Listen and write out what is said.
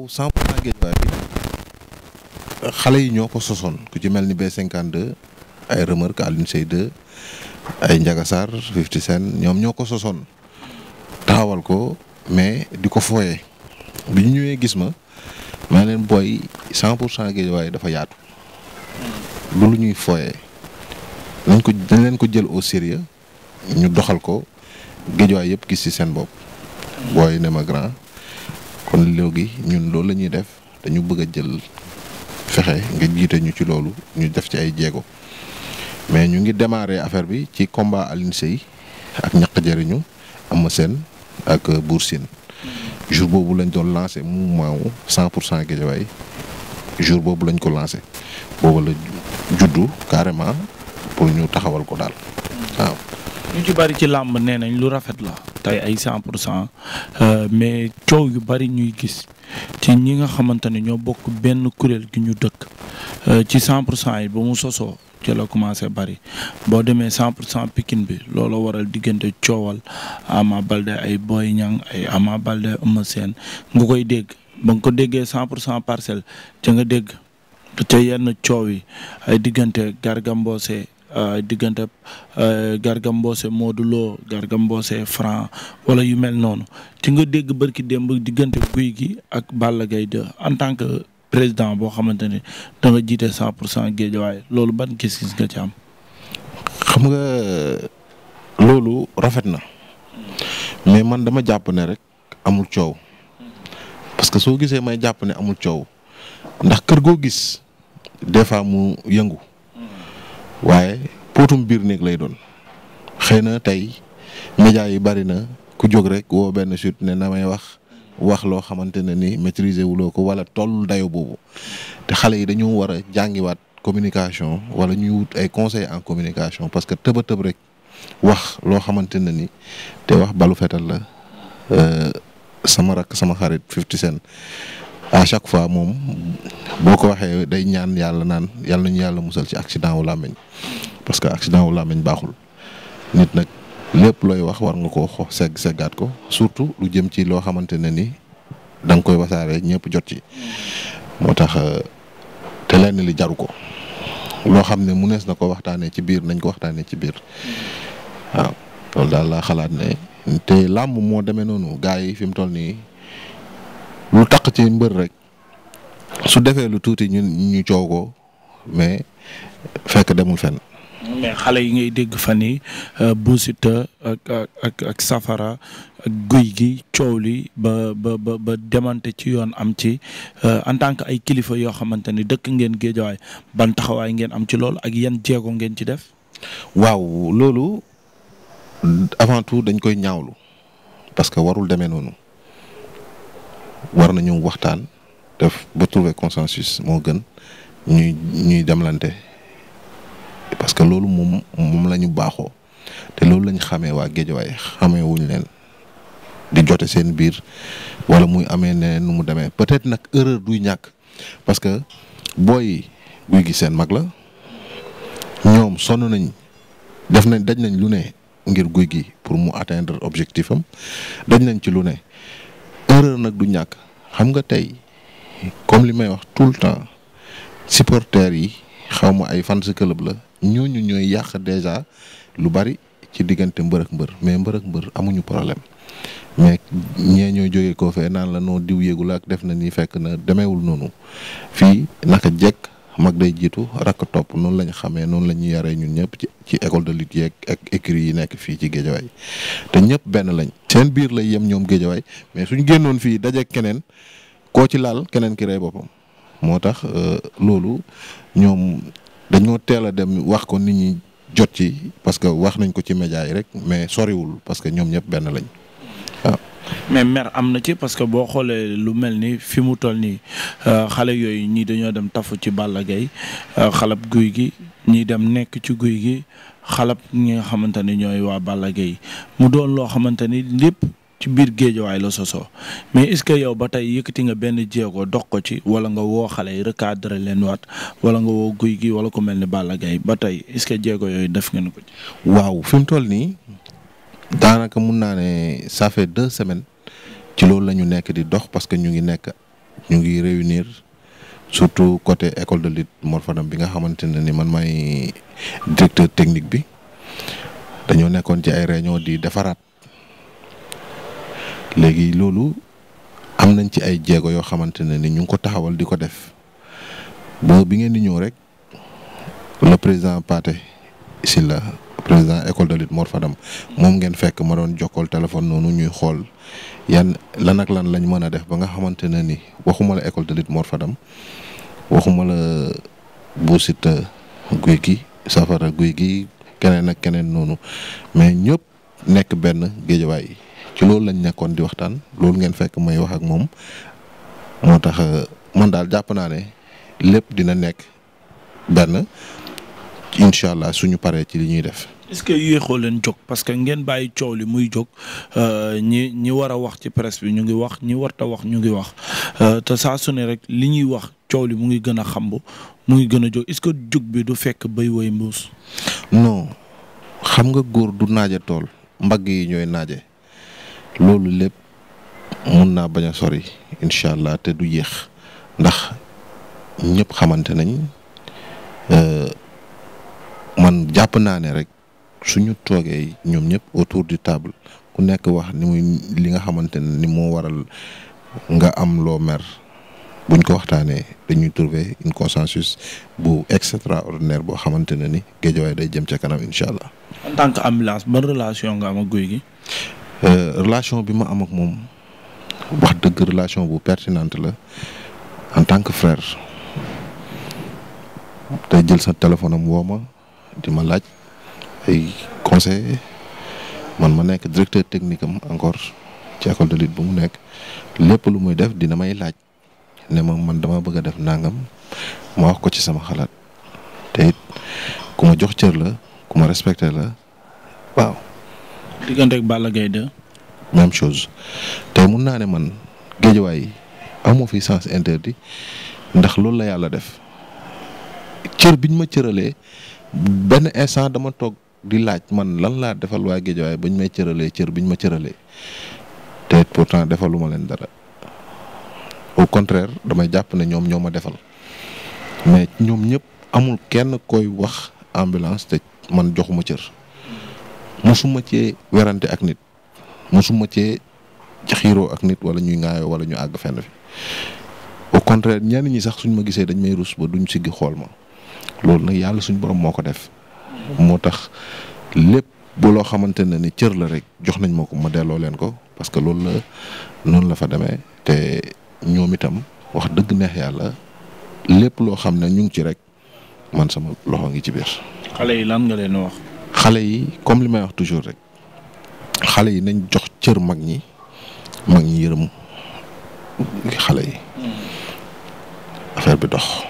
taxaw 100 pour cent Guédiawaye bi xale yi ñoo ko sosoon ku ci mel ni B52 ay remarque Alioune Seye 2 ay Ndiaga Sarr 50 Cent ñoom ñoo ko sosoon taxawal ko mais di ko fooyee bi ñu ñëwee gis ma maa leen booy 100 pour cent Guédiawaye dafa yaatu lu lu ñuy fooyee nañ ko dañ leen ko jël au sérieux ñu doxal ko Guédiawaye yëpp gis ci seen bopp booy ne ma grand kon léegi ñun loolu la ñuy def dañu bëgg a jël fexe nga jiitañu ci loolu ñu def ci ay jéego mais ñu ngi démarré affaire bi ci combat Alioune ak ñaq jëriñu Ama seen ak Bour Sine jour boobu lañ doon lancé mouvement wu cent pour cent Guédiawaye jour boobu lañ ko lancé boobu la juddu carrément pour ñu taxawal ko daal waaw. ñu ci bari ci làmb nee nañ lu rafet la. tey ay 100 pour cent euh, mais coow yu bari ñuy gis ci ñi nga xamante ne ñoo bokk benn kuréel gi ñu dëkk euh, ci 100 pour cent yi ba mu sosoo ca la commencé bari boo demee 100 pour cent Pikine bi loolu waral diggante coowal Ama Balde ay Boy Niang ay Ama Balde Eumeu Sène nga koy dégg ba nga ko déggee 100 pour cent parcelle ca nga dégg te yenn coow yi ay diggante Garga Euh, diggante euh, Garga Mbossé Modou Lo Garga Mbossé Franc wala yu mel noonu ci nga dégg bërki démb diggante Gouye Gui ak Balla Gaye 2 en tant que président boo xamante ne da nga jiite cent pour cent waaye loolu ban gis-gis nga ci am. xam nga loolu rafet na mais man dama jàpp ne rek amul coow parce que soo gisee may jàpp ne amul coow ndax kër goo gis des fois mu yëngu. waaye potum biir néeg lay doon xëy na tey médias yi bari na ku jóg rek woo benn chute ne na may wax wax loo xamante ne ni maîtriser wuloo ko wala tool dayo boobu te xale yi dañu war a jàngiwaat communication wala ñuy wut ay conseil en communication parce que tëba tëb rek wax loo xamante ne ni te wax balu fetal la euh, sama rak sama xarit 50 Cent à chaque fois moom boo ko waxee day ñaan yàlla naan yàlla nañu yàlla musal ci accident wu làmmiñ parce que accident wu làmmiñ baaxul nit nag lépp looy wax war nga koo xo seg segaat ko surtout lu jëm ci loo xamante ne ni da nga koy wasaare ñëpp jot ci moo tax euh, te lenn li jaru ko loo xam ne mu nees na ko waxtaanee ci biir nañ ko waxtaanee ci biir waaw loolu daal laa xalaat ne te làmb moo demee noonu gars yi fi mu toll nii. lu taq ci mbër rek su defee lu tuuti ñun ñu coow ko mais fekk demul fen mais xale yi ngay dégg fan yi euh, buusita ak ak safara ak guy gi coow li ba ba demante ci yoon am ci euh, en tant que ay kilifa yoo xamante ni dëkk ngeen géejawaay ban taxawaay ngeen am ci loolu ak yan jéego ngeen ci def. waaw loolu avant tout dañ koy ñaawlu parce que warul demee noonu war nañu waxtaan def ba trouver consensus moo gën ñuy ñuy demlante parce que loolu moom moom la ñu baaxoo te loolu lañ xamee waa géejawaay xamee wuñ leen di jote seen biir wala muy amee neneen nu mu demee peut-être nag erreur duy ñàkk parce que booy guy gi seen mag la ñoom sonn nañ def nañ daj nañ lu ne ngir guy gi pour mu atteindre objectif am daj nañ ci lu ne erreur nag du ñàkk xam nga tey comme li may wax tout le temps supporters yi xaw ma ay fans club la ñoo ñu ñooy yàq déjà lu bari ci diggante mbër ak mbër mais mbër ak mbër amuñu problème mais ñee ñoo jógee koo fee naan la noo diw yéegul ak def na ni fekk na demeewul noonu fii naka jekk mag day jiitu rakk topp noonu la ñu xamee noonu la ñuy yaree ñun ñëpp ci ci école de lutte yeeg ak écrit yi nekk fii ci géejawaay te ñëpp benn lañ seen biir lañ yem ñoom géejawaay mais ñu génnoon fii daje keneen koo ci laal keneen ki rey boppam moo tax euh, loolu ñoom dañoo teel a dem wax ko nit ñi jot ci parce que wax nañ ko ci média yi rek mais soriwul parce que ñoom ñëpp benn lañ waaw. mais mer am na ci parce que boo xoolee lu mel ni fi mu toll nii euh, xale yooyu ñii dañoo dem tafu ci Balla Gaye euh, xalab guy gi ñii dem nekk ci guy gi xalab ñi nga xamante ne ñooy waa Balla Gaye mu doon loo xamante ni lépp ci biir géejawaay la sosoo mais est-ce que yow ba tey yëkkati nga benn jéego dox ko ci wala nga woo xale yi recadré leen waat wala nga woo guy gi wala ko mel ni Balla Gaye ba tey est-ce que jéego yooyu def ngeen ko ci. waaw fi mu toll nii. daanaka mun naa ne ça deux semaines ci loolu la ñu nekk di dox parce que ñu ngi nekk ñu ngi réunir surtout côté école de lutte Mor bi nga xamante ne ni man may directeur technique bi dañoo nekkoon ci ay réunion di defaraat léegi loolu am nañ ci ay jéego yoo xamante ne ni ñu ngi ko taxawal di ko def ba bi ngeen di ñëw rek le président Pathé Sylla président école de lutte Mor Fadam moom ngeen fekk ma doon jokkool téléphone noonu ñuy xool yan lan ak lan lañ mën a def ba nga xamante ne ni waxumala la école de lutte Mor Fadam waxuma la Bou Siteu guy gi safara guy gi keneen ak keneen noonu mais ñëpp nekk benn géejawaay ci loolu lañ nekkoon di waxtaan loolu ngeen fekk may wax ak moom moo tax euh, man daal jàpp naa ne lépp dina nekk benn incha allah suñu paree ci li ñuy def. est-ce que yéexoo leen jog parce que ngeen bàyyi coow li muy jóg euh, ñi ñi war a wax ci presse bi ñu ngi wax ñi warta wax ñu ngi wax euh, te saa su rek li ñuy wax coow li mu ngi gën a xamb mu ngi gën a jóg est-ce que jóg bi du fekk bay woy mbuus. non xam nga góor du naaje tool mbagg yi ñooy naaje loolu lépp mun naa bañ a sori incha allah te du yéex ndax ñëpp xamante nañ. Euh, jàpp naa ne rek suñu toogee ñoom ñëpp autour du table ku nekk wax ni muy li nga xamante ni moo waral nga am loo mer buñ ko waxtaanee dañuy trouver une consensus bu ordinaire boo xamante ne ni Guédiawaye day jëm ca kanam incha allah. en tant que ambulance ban relation nga am ak Gouye Gui. Euh, relation bi ma am ak moom wax dëgg relation bu pertinente la en tant que frère. tey jël sa téléphone am woo di ma laaj ay conseil man ma nekk directeur technique am encore ci école de lutte bu mu nekk lépp lu muy def dina may laaj ne ma man dama bëgg a def nangam ma wax ko ci sama xalaat te it jox cër la ku ma respecté la waaw. diggante ak Balla même chose te mun naa ne man géejawaay amoo fi sance interdit ndax loolu la yàlla def cër biñ ma cëralee. benn instant dama toog di laaj man lan laa defal waa Géejawaay bañ may cëralee cër biñ ma cëralee te pourtant defaluma leen dara au contraire damay jàpp ne ñoom ñoo ma defal mais ñoom ñëpp amul kenn koy wax ambulance te man joxuma cër mosuma cee werante ak nit mosuma cee xiiroo ak nit wala ñuy ŋaayoo wala ñu àgg fenn fi au contraire ñenn ñi sax suñ ma gisee dañ may rus ba duñ siggi xool ma. loolu nag yàlla suñu borom moo ko def. moo tax lépp bu loo xamante ne ni cër la rek jox nañ ma ko ma delloo leen ko parce que loolu la noonu la fa demee te ñoom itam wax dëgg neex yàlla lépp loo xam ne ñu ngi ci rek man sama loxo ngi ci biir. xale yi lan nga leen wax. xale yi comme li may wax toujours rek xale yi nañ jox cër mag ñi mag ñi yërëm xale yi. Hmm. affaire bi dox.